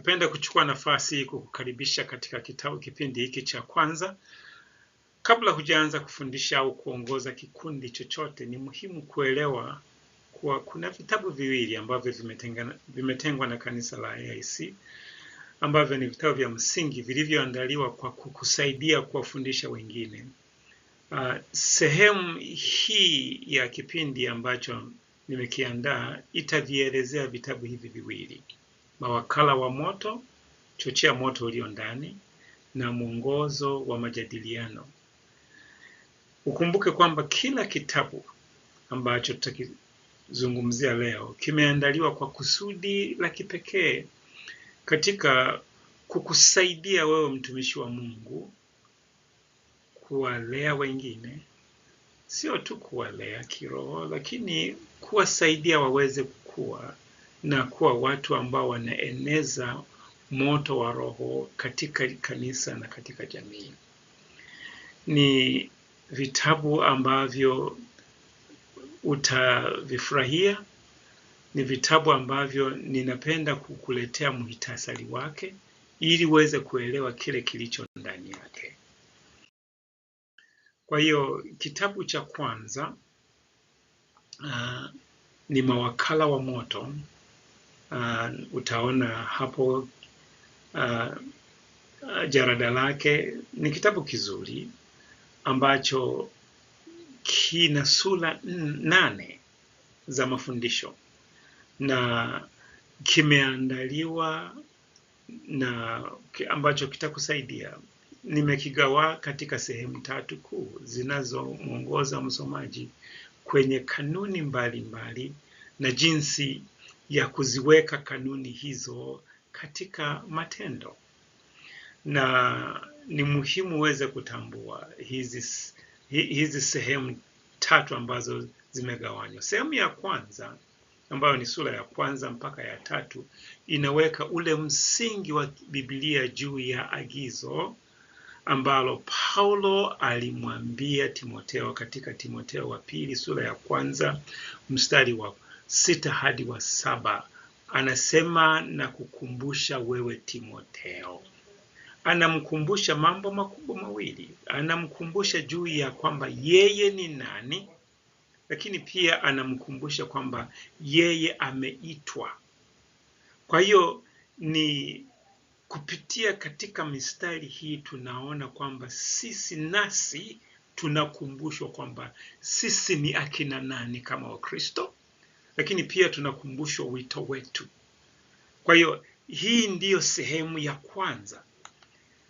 Napenda kuchukua nafasi hii kukukaribisha katika kitabu kipindi hiki cha kwanza. Kabla hujaanza kufundisha au kuongoza kikundi chochote, ni muhimu kuelewa kuwa kuna vitabu viwili ambavyo vimetengwa na kanisa la AIC ambavyo ni vitabu vya msingi vilivyoandaliwa kwa kukusaidia kuwafundisha wengine. Uh, sehemu hii ya kipindi ambacho nimekiandaa itavielezea vitabu hivi viwili mawakala wa moto, chochea moto ulio ndani, na mwongozo wa majadiliano. Ukumbuke kwamba kila kitabu ambacho tutakizungumzia leo kimeandaliwa kwa kusudi la kipekee katika kukusaidia wewe mtumishi wa Mungu kuwalea wengine, sio tu kuwalea kiroho, lakini kuwasaidia waweze kukua na kuwa watu ambao wanaeneza moto wa Roho katika kanisa na katika jamii. Ni vitabu ambavyo utavifurahia. Ni vitabu ambavyo ninapenda kukuletea muhtasari wake ili uweze kuelewa kile kilicho ndani yake. Kwa hiyo kitabu cha kwanza uh, ni Mawakala wa Moto uh, utaona hapo uh, jarada lake. Ni kitabu kizuri ambacho kina sura nane za mafundisho na kimeandaliwa na ambacho kitakusaidia. Nimekigawa katika sehemu tatu kuu zinazomwongoza msomaji kwenye kanuni mbalimbali mbali na jinsi ya kuziweka kanuni hizo katika matendo, na ni muhimu uweze kutambua hizi, hizi sehemu tatu ambazo zimegawanywa. Sehemu ya kwanza ambayo ni sura ya kwanza mpaka ya tatu inaweka ule msingi wa Biblia juu ya agizo ambalo Paulo alimwambia timoteo katika timoteo wa pili sura ya kwanza mstari wa sita hadi wa saba anasema na kukumbusha wewe Timotheo. Anamkumbusha mambo makubwa mawili, anamkumbusha juu ya kwamba yeye ni nani, lakini pia anamkumbusha kwamba yeye ameitwa. Kwa hiyo ni kupitia katika mistari hii tunaona kwamba sisi nasi tunakumbushwa kwamba sisi ni akina nani kama Wakristo lakini pia tunakumbushwa wito wetu. Kwa hiyo hii ndiyo sehemu ya kwanza.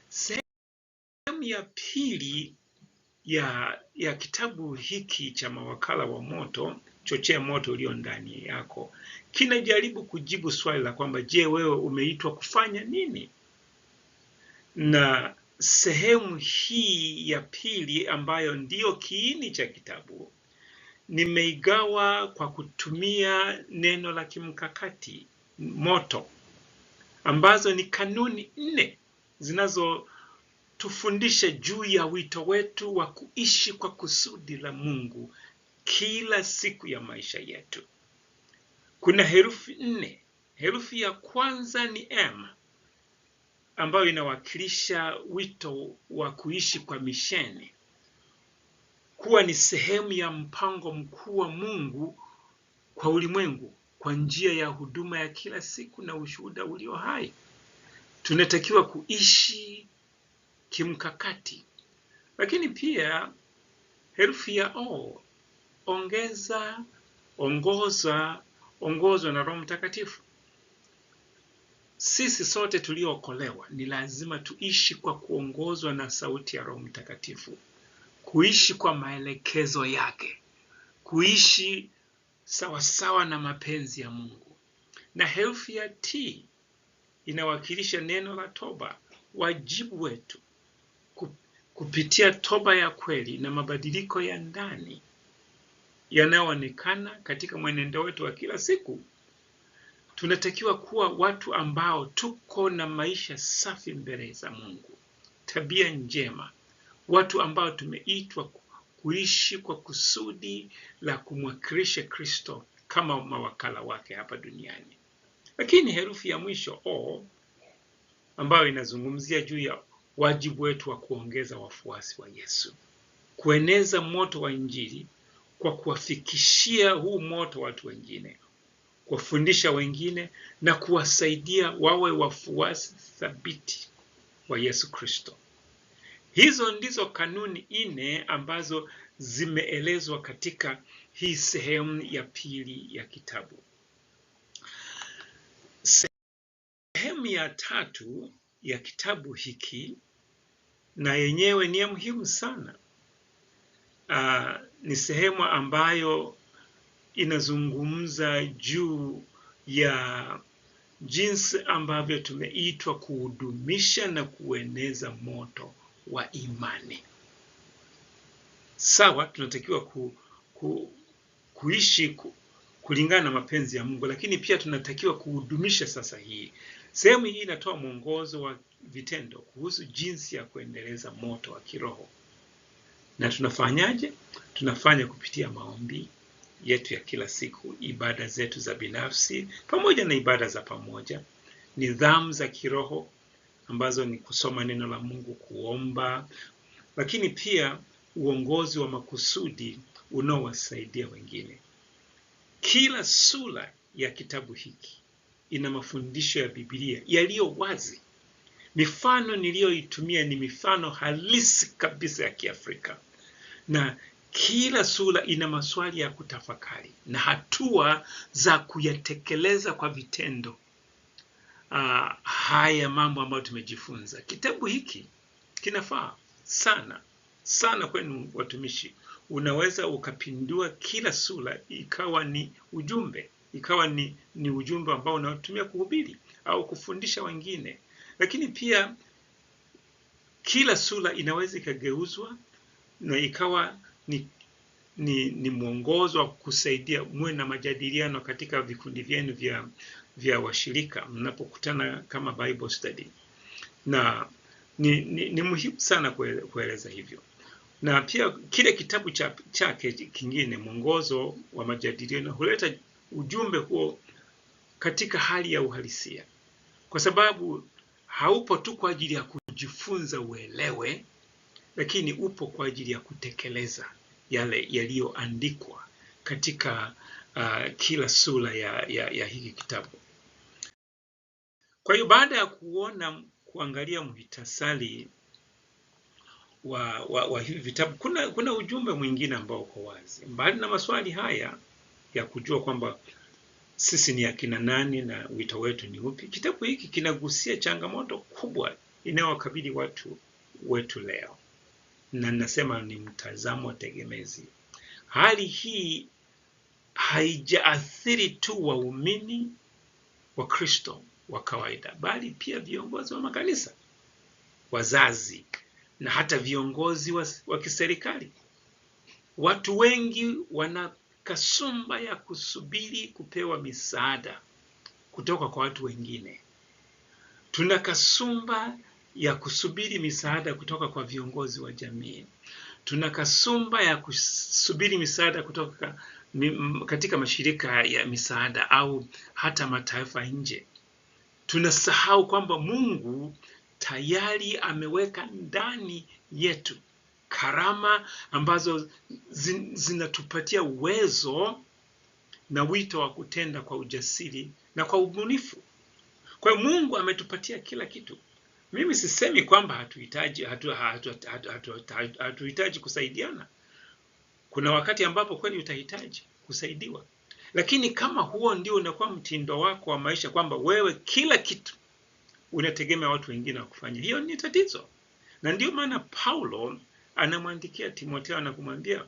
Sehemu ya pili ya, ya kitabu hiki cha Mawakala wa Moto, Chochea Moto Ulio Ndani Yako, kinajaribu kujibu swali la kwamba je, wewe umeitwa kufanya nini? Na sehemu hii ya pili ambayo ndiyo kiini cha kitabu nimeigawa kwa kutumia neno la kimkakati moto, ambazo ni kanuni nne zinazotufundisha juu ya wito wetu wa kuishi kwa kusudi la Mungu kila siku ya maisha yetu. Kuna herufi nne. Herufi ya kwanza ni M ambayo inawakilisha wito wa kuishi kwa misheni kuwa ni sehemu ya mpango mkuu wa Mungu kwa ulimwengu kwa njia ya huduma ya kila siku na ushuhuda ulio hai. Tunatakiwa kuishi kimkakati, lakini pia herufi ya O, ongeza, ongoza, ongozwa na Roho Mtakatifu. Sisi sote tuliookolewa ni lazima tuishi kwa kuongozwa na sauti ya Roho Mtakatifu kuishi kwa maelekezo yake, kuishi sawasawa na mapenzi ya Mungu. Na herufi ya T inawakilisha neno la toba, wajibu wetu kupitia toba ya kweli na mabadiliko ya ndani yanayoonekana katika mwenendo wetu wa kila siku. Tunatakiwa kuwa watu ambao tuko na maisha safi mbele za Mungu, tabia njema watu ambao tumeitwa kuishi kwa kusudi la kumwakilisha Kristo kama mawakala wake hapa duniani. Lakini herufi ya mwisho o, ambayo inazungumzia juu ya wajibu wetu wa kuongeza wafuasi wa Yesu, kueneza moto wa Injili kwa kuwafikishia huu moto watu wengine, kuwafundisha wengine na kuwasaidia wawe wafuasi thabiti wa Yesu Kristo. Hizo ndizo kanuni nne ambazo zimeelezwa katika hii sehemu ya pili ya kitabu. Sehemu ya tatu ya kitabu hiki na yenyewe ni ya muhimu sana. Aa, ah, ni sehemu ambayo inazungumza juu ya jinsi ambavyo tumeitwa kuhudumisha na kueneza moto wa imani. Sawa, tunatakiwa ku, ku, kuishi ku, kulingana na mapenzi ya Mungu, lakini pia tunatakiwa kuhudumisha. Sasa hii sehemu hii inatoa mwongozo wa vitendo kuhusu jinsi ya kuendeleza moto wa kiroho. Na tunafanyaje? Tunafanya kupitia maombi yetu ya kila siku, ibada zetu za binafsi pamoja na ibada za pamoja, nidhamu za kiroho ambazo ni kusoma neno la Mungu, kuomba, lakini pia uongozi wa makusudi unaowasaidia wengine. Kila sura ya kitabu hiki ina mafundisho ya Biblia yaliyo wazi. Mifano niliyoitumia ni mifano halisi kabisa ya Kiafrika, na kila sura ina maswali ya kutafakari na hatua za kuyatekeleza kwa vitendo uh, haya mambo ambayo tumejifunza. Kitabu hiki kinafaa sana sana kwenu watumishi, unaweza ukapindua kila sura ikawa ni ujumbe, ikawa ni, ni ujumbe ambao unatumia kuhubiri au kufundisha wengine. Lakini pia kila sura inaweza ikageuzwa na ikawa ni ni, ni mwongozo wa kusaidia muwe na majadiliano katika vikundi vyenu vya, vya washirika mnapokutana kama Bible study, na ni, ni, ni muhimu sana kueleza hivyo na pia kile kitabu chake cha kingine mwongozo wa majadiliano huleta ujumbe huo katika hali ya uhalisia, kwa sababu haupo tu kwa ajili ya kujifunza uelewe, lakini upo kwa ajili ya kutekeleza yale yaliyoandikwa katika uh, kila sura ya, ya, ya hiki kitabu. Kwa hiyo baada ya kuona kuangalia muhtasari wa, wa, wa hivi vitabu kuna, kuna ujumbe mwingine ambao uko wazi, mbali na maswali haya ya kujua kwamba sisi ni akina nani na wito wetu ni upi. Kitabu hiki kinagusia changamoto kubwa inayowakabili watu wetu leo na nasema ni mtazamo tegemezi. Hali hii haijaathiri tu waumini wa Kristo wa kawaida, bali pia viongozi wa makanisa, wazazi na hata viongozi wa, wa kiserikali. Watu wengi wana kasumba ya kusubiri kupewa misaada kutoka kwa watu wengine. Tuna kasumba ya kusubiri misaada kutoka kwa viongozi wa jamii. Tuna kasumba ya kusubiri misaada kutoka katika mashirika ya misaada au hata mataifa nje. Tunasahau kwamba Mungu tayari ameweka ndani yetu karama ambazo zinatupatia uwezo na wito wa kutenda kwa ujasiri na kwa ubunifu. Kwa hiyo Mungu ametupatia kila kitu. Mimi sisemi kwamba hatuhitaji hatu, hatu, hatu, hatu, hatu, hatu, hatu, hatu kusaidiana. Kuna wakati ambapo kweli utahitaji kusaidiwa, lakini kama huo ndio unakuwa mtindo wako wa maisha, kwamba wewe kila kitu unategemea watu wengine wakufanya hiyo ni tatizo. Na ndio maana Paulo anamwandikia Timotheo na kumwambia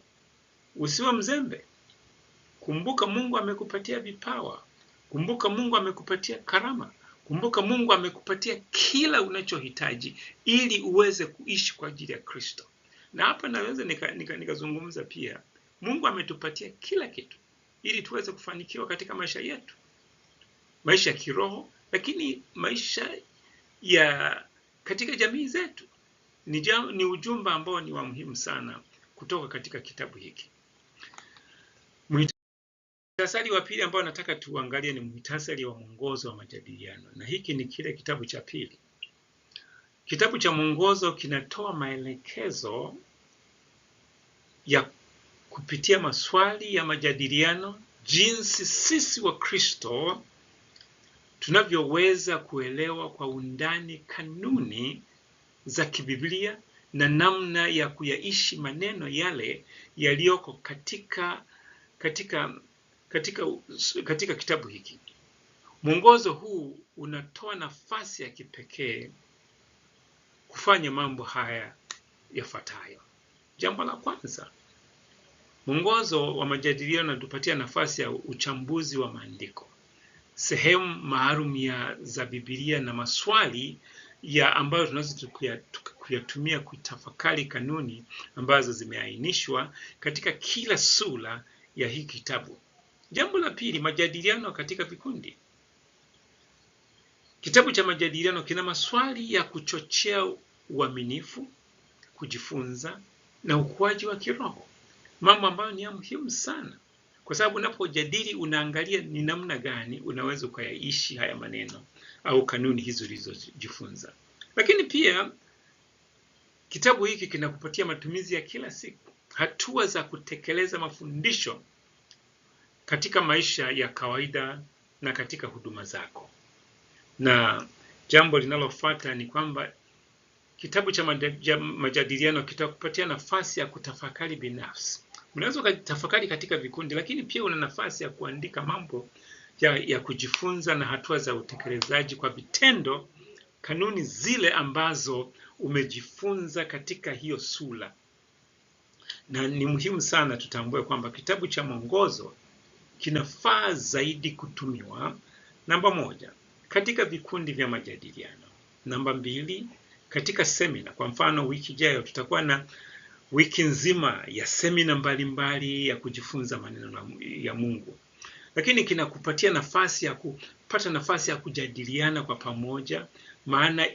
usiwe mzembe, kumbuka Mungu amekupatia vipawa, kumbuka Mungu amekupatia karama Kumbuka Mungu amekupatia kila unachohitaji ili uweze kuishi kwa ajili ya Kristo. Na hapa naweza nikazungumza nika, nika pia Mungu ametupatia kila kitu ili tuweze kufanikiwa katika maisha yetu, maisha ya kiroho, lakini maisha ya katika jamii zetu. Ni, ni ujumbe ambao ni wa muhimu sana kutoka katika kitabu hiki. Muhtasari wa pili ambao nataka tuangalie ni muhtasari wa mwongozo wa majadiliano, na hiki ni kile kitabu cha pili. Kitabu cha mwongozo kinatoa maelekezo ya kupitia maswali ya majadiliano, jinsi sisi wa Kristo tunavyoweza kuelewa kwa undani kanuni za kibiblia na namna ya kuyaishi maneno yale yaliyoko katika katika katika, katika kitabu hiki. Mwongozo huu unatoa nafasi ya kipekee kufanya mambo haya yafuatayo. Jambo la kwanza, mwongozo wa majadiliano unatupatia nafasi ya uchambuzi wa maandiko, sehemu maalum ya za Biblia na maswali ya ambayo tunaweza kuyatumia kuitafakari kanuni ambazo zimeainishwa katika kila sura ya hii kitabu. Jambo la pili, majadiliano katika vikundi. Kitabu cha majadiliano kina maswali ya kuchochea uaminifu, kujifunza na ukuaji wa kiroho, mambo ambayo ni ya muhimu sana, kwa sababu unapojadili unaangalia ni namna gani unaweza ukayaishi haya maneno au kanuni hizo ulizojifunza. Lakini pia kitabu hiki kinakupatia matumizi ya kila siku, hatua za kutekeleza mafundisho katika maisha ya kawaida na katika huduma zako. Na jambo linalofuata ni kwamba kitabu cha majadiliano kitakupatia nafasi ya kutafakari binafsi. Unaweza ukatafakari katika vikundi, lakini pia una nafasi ya kuandika mambo ya, ya kujifunza na hatua za utekelezaji kwa vitendo, kanuni zile ambazo umejifunza katika hiyo sura. Na ni muhimu sana tutambue kwamba kitabu cha mwongozo kinafaa zaidi kutumiwa, namba moja, katika vikundi vya majadiliano, namba mbili, katika semina. Kwa mfano, wiki ijayo tutakuwa na wiki nzima ya semina mbalimbali ya kujifunza maneno ya Mungu, lakini kinakupatia nafasi ya kupata nafasi ya kujadiliana kwa pamoja, maana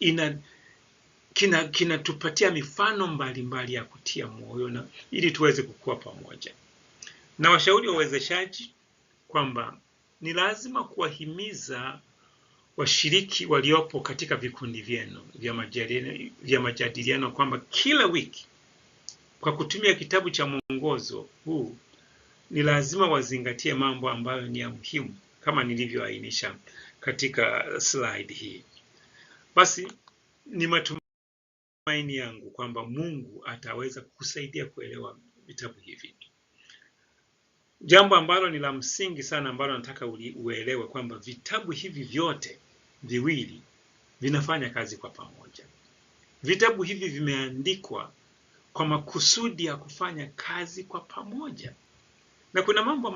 ina kinatupatia kina mifano mbalimbali mbali ya kutia moyo na ili tuweze kukua pamoja na washauri wa uwezeshaji kwamba ni lazima kuwahimiza washiriki waliopo katika vikundi vyenu vya majadiliano kwamba kila wiki kwa kutumia kitabu cha mwongozo huu ni lazima wazingatie mambo ambayo ni ya muhimu kama nilivyoainisha katika slide hii. Basi ni matumaini yangu kwamba Mungu ataweza kusaidia kuelewa vitabu hivi jambo ambalo ni la msingi sana ambalo nataka uelewe kwamba vitabu hivi vyote viwili vinafanya kazi kwa pamoja. Vitabu hivi vimeandikwa kwa makusudi ya kufanya kazi kwa pamoja, na kuna mambo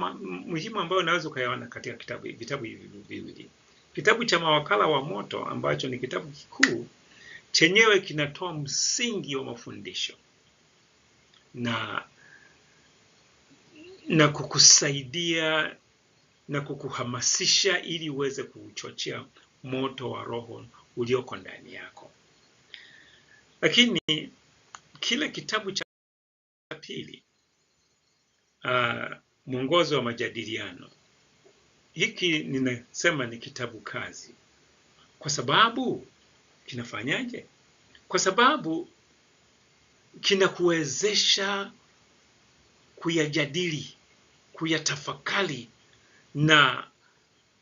muhimu ambayo unaweza ukayaona katika kitabu, vitabu hivi viwili. Kitabu cha Mawakala wa Moto ambacho ni kitabu kikuu chenyewe kinatoa msingi wa mafundisho na na kukusaidia na kukuhamasisha ili uweze kuuchochea moto wa roho ulioko ndani yako. Lakini kile kitabu cha pili uh, mwongozo wa majadiliano hiki ninasema ni kitabu kazi, kwa sababu kinafanyaje? Kwa sababu kinakuwezesha kuyajadili kuyatafakari na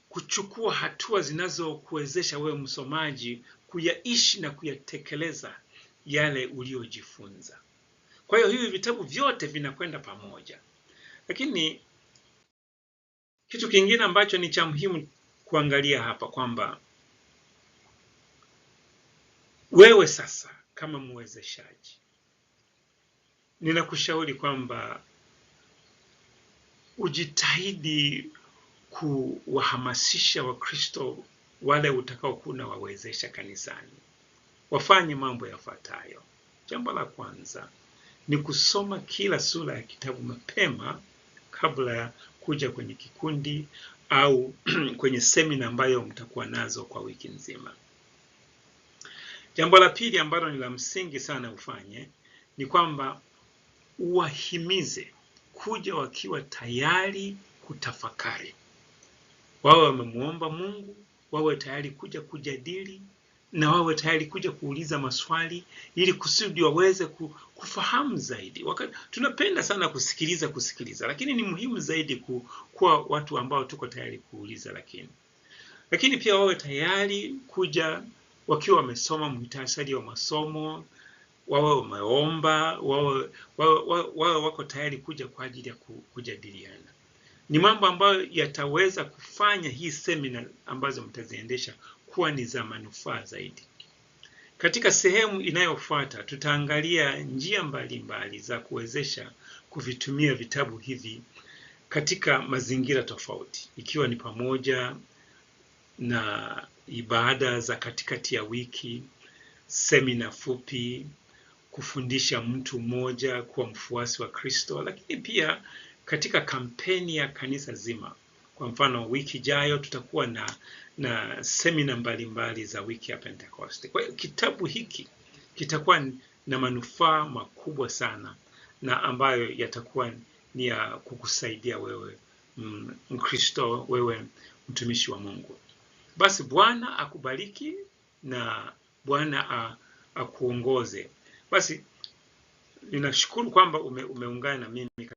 kuchukua hatua zinazokuwezesha wewe msomaji kuyaishi na kuyatekeleza yale uliyojifunza. Kwa hiyo hivi vitabu vyote vinakwenda pamoja, lakini kitu kingine ambacho ni cha muhimu kuangalia hapa kwamba wewe sasa kama mwezeshaji, ninakushauri kwamba ujitahidi kuwahamasisha Wakristo wale utakaokuwa unawawezesha kanisani wafanye mambo yafuatayo. Jambo la kwanza ni kusoma kila sura ya kitabu mapema kabla ya kuja kwenye kikundi au kwenye semina ambayo mtakuwa nazo kwa wiki nzima. Jambo la pili ambalo ni la msingi sana ufanye ni kwamba uwahimize wanakuja wakiwa tayari kutafakari, wawe wamemuomba Mungu, wawe tayari kuja kujadili na wawe tayari kuja kuuliza maswali ili kusudi waweze kufahamu zaidi. Wakati tunapenda sana kusikiliza kusikiliza, lakini ni muhimu zaidi kuwa watu ambao tuko tayari kuuliza, lakini lakini pia wawe tayari kuja wakiwa wamesoma muhtasari wa masomo wawe wameomba, wawe, wawe, wawe, wawe wako tayari kuja kwa ajili ya kujadiliana. Ni mambo ambayo yataweza kufanya hii semina ambazo mtaziendesha kuwa ni za manufaa zaidi. Katika sehemu inayofuata tutaangalia njia mbalimbali mbali za kuwezesha kuvitumia vitabu hivi katika mazingira tofauti, ikiwa ni pamoja na ibada za katikati ya wiki, semina fupi, kufundisha mtu mmoja kuwa mfuasi wa Kristo, lakini pia katika kampeni ya kanisa zima. Kwa mfano, wiki ijayo tutakuwa na na semina mbalimbali za wiki ya Pentekoste. Kwa hiyo kitabu hiki kitakuwa na manufaa makubwa sana na ambayo yatakuwa ni ya kukusaidia wewe mm, Mkristo, wewe mtumishi wa Mungu. Basi Bwana akubariki na Bwana akuongoze. Basi ninashukuru kwamba ume, umeungana na mimi